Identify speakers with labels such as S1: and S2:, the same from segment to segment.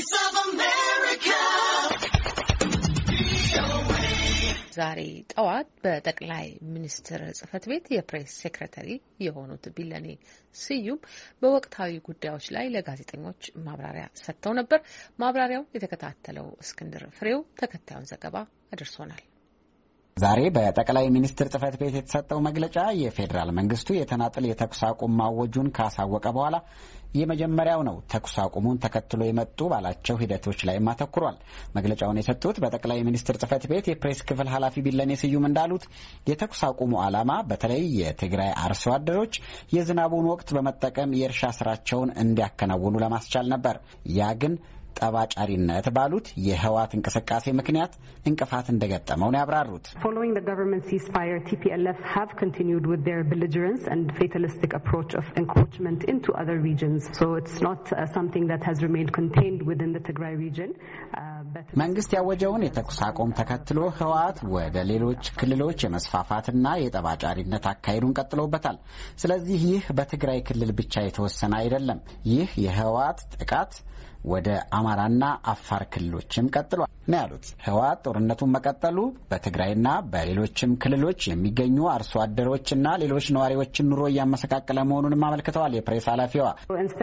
S1: Voice of America. ዛሬ ጠዋት በጠቅላይ ሚኒስትር ጽህፈት ቤት የፕሬስ ሴክረተሪ የሆኑት ቢለኔ ስዩም በወቅታዊ ጉዳዮች ላይ ለጋዜጠኞች ማብራሪያ ሰጥተው ነበር። ማብራሪያው የተከታተለው እስክንድር ፍሬው ተከታዩን ዘገባ አድርሶናል።
S2: ዛሬ በጠቅላይ ሚኒስትር ጽህፈት ቤት የተሰጠው መግለጫ የፌዴራል መንግስቱ የተናጥል የተኩስ አቁም ማወጁን ካሳወቀ በኋላ የመጀመሪያው ነው። ተኩስ አቁሙን ተከትሎ የመጡ ባላቸው ሂደቶች ላይም አተኩሯል። መግለጫውን የሰጡት በጠቅላይ ሚኒስትር ጽህፈት ቤት የፕሬስ ክፍል ኃላፊ ቢለኔ ስዩም እንዳሉት የተኩስ አቁሙ ዓላማ በተለይ የትግራይ አርሶ አደሮች የዝናቡን ወቅት በመጠቀም የእርሻ ስራቸውን እንዲያከናውኑ ለማስቻል ነበር። ያ ግን ጠባጫሪነት ባሉት የህወሓት እንቅስቃሴ ምክንያት እንቅፋት እንደገጠመው ነው ያብራሩት።
S1: uh, uh,
S2: መንግስት ያወጀውን የተኩስ አቁም ተከትሎ ህወሓት ወደ ሌሎች ክልሎች የመስፋፋትና የጠባጫሪነት አካሄዱን ቀጥሎበታል። ስለዚህ ይህ በትግራይ ክልል ብቻ የተወሰነ አይደለም። ይህ የህወሓት ጥቃት instead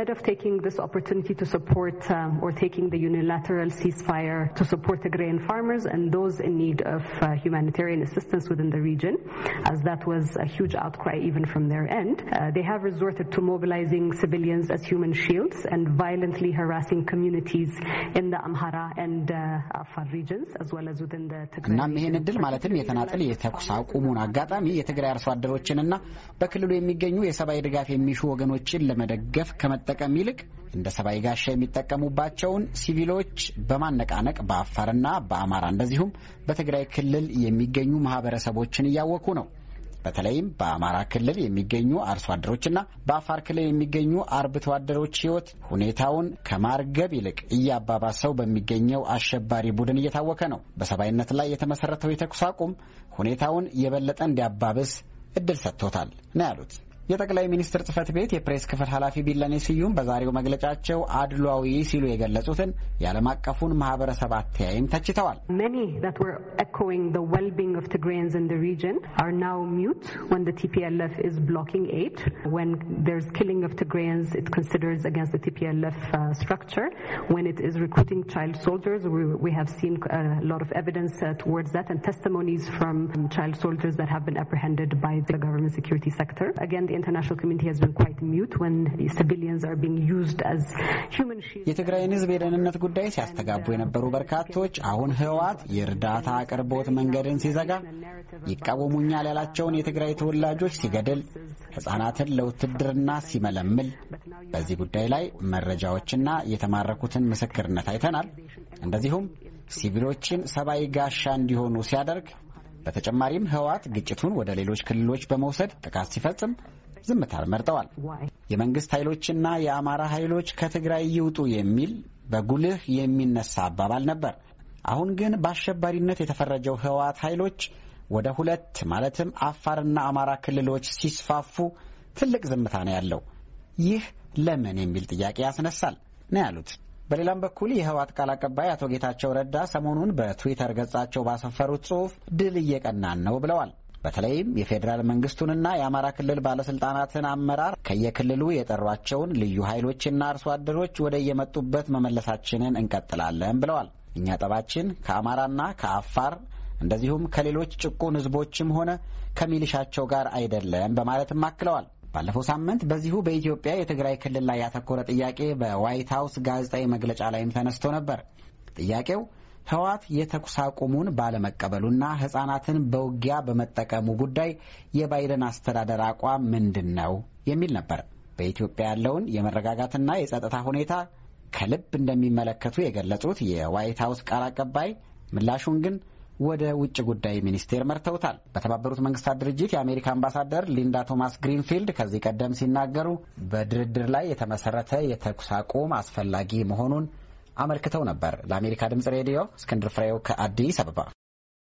S1: of taking this opportunity to support uh, or taking the unilateral ceasefire to support the Tigrayan farmers and those in need of uh, humanitarian assistance within the region, as that was a huge outcry even from their end, uh, they have resorted to mobilizing civilians as human shields and violently harassing
S2: communities
S1: in the Amhara and Afar regions as well as within the Tigray. እናም ይህን እድል ማለትም የተናጠል
S2: የተኩስ አቁሙን አጋጣሚ የትግራይ አርሶ አደሮችንና በክልሉ የሚገኙ የሰብአዊ ድጋፍ የሚሹ ወገኖችን ለመደገፍ ከመጠቀም ይልቅ እንደ ሰብአዊ ጋሻ የሚጠቀሙባቸውን ሲቪሎች በማነቃነቅ በአፋርና በአማራ እንደዚሁም በትግራይ ክልል የሚገኙ ማህበረሰቦችን እያወኩ ነው። በተለይም በአማራ ክልል የሚገኙ አርሶ አደሮችና በአፋር ክልል የሚገኙ አርብቶ አደሮች ህይወት ሁኔታውን ከማርገብ ይልቅ እያባባሰው በሚገኘው አሸባሪ ቡድን እየታወከ ነው። በሰብአዊነት ላይ የተመሰረተው የተኩስ አቁም ሁኔታውን የበለጠ እንዲያባብስ እድል ሰጥቶታል ነው ያሉት። የጠቅላይ ሚኒስትር ጽህፈት ቤት የፕሬስ ክፍል ኃላፊ ቢለኔ ስዩም በዛሬው መግለጫቸው አድሏዊ ሲሉ የገለጹትን የዓለም አቀፉን ማህበረሰብ አተያይም ተችተዋል። ሪጅን የትግራይን ህዝብ የደህንነት ጉዳይ ሲያስተጋቡ የነበሩ በርካቶች አሁን ህወሓት የእርዳታ አቅርቦት መንገድን ሲዘጋ ይቃወሙኛል ያላቸውን የትግራይ ተወላጆች ሲገድል፣ ህጻናትን ለውትድርና ሲመለምል፣ በዚህ ጉዳይ ላይ መረጃዎችና የተማረኩትን ምስክርነት አይተናል። እንደዚሁም ሲቪሎችን ሰብአዊ ጋሻ እንዲሆኑ ሲያደርግ በተጨማሪም ህወሓት ግጭቱን ወደ ሌሎች ክልሎች በመውሰድ ጥቃት ሲፈጽም ዝምታን መርጠዋል። የመንግስት ኃይሎችና የአማራ ኃይሎች ከትግራይ ይውጡ የሚል በጉልህ የሚነሳ አባባል ነበር። አሁን ግን በአሸባሪነት የተፈረጀው ህወሓት ኃይሎች ወደ ሁለት ማለትም አፋርና አማራ ክልሎች ሲስፋፉ ትልቅ ዝምታ ነው ያለው። ይህ ለምን የሚል ጥያቄ ያስነሳል ነው ያሉት። በሌላም በኩል የህወሓት ቃል አቀባይ አቶ ጌታቸው ረዳ ሰሞኑን በትዊተር ገጻቸው ባሰፈሩት ጽሑፍ ድል እየቀናን ነው ብለዋል። በተለይም የፌዴራል መንግስቱንና የአማራ ክልል ባለስልጣናትን አመራር ከየክልሉ የጠሯቸውን ልዩ ኃይሎችና አርሶ አደሮች ወደ የመጡበት መመለሳችንን እንቀጥላለን ብለዋል። እኛ ጠባችን ከአማራና ከአፋር እንደዚሁም ከሌሎች ጭቁን ህዝቦችም ሆነ ከሚሊሻቸው ጋር አይደለም በማለትም አክለዋል። ባለፈው ሳምንት በዚሁ በኢትዮጵያ የትግራይ ክልል ላይ ያተኮረ ጥያቄ በዋይት ሀውስ ጋዜጣዊ መግለጫ ላይም ተነስቶ ነበር። ጥያቄው ህወሓት የተኩስ አቁሙን ባለመቀበሉና ህጻናትን በውጊያ በመጠቀሙ ጉዳይ የባይደን አስተዳደር አቋም ምንድን ነው የሚል ነበር። በኢትዮጵያ ያለውን የመረጋጋትና የጸጥታ ሁኔታ ከልብ እንደሚመለከቱ የገለጹት የዋይት ሀውስ ቃል አቀባይ ምላሹን ግን ወደ ውጭ ጉዳይ ሚኒስቴር መርተውታል። በተባበሩት መንግስታት ድርጅት የአሜሪካ አምባሳደር ሊንዳ ቶማስ ግሪንፊልድ ከዚህ ቀደም ሲናገሩ በድርድር ላይ የተመሰረተ የተኩስ አቁም አስፈላጊ መሆኑን አመልክተው ነበር። ለአሜሪካ ድምጽ ሬዲዮ እስክንድር ፍሬው ከአዲስ አበባ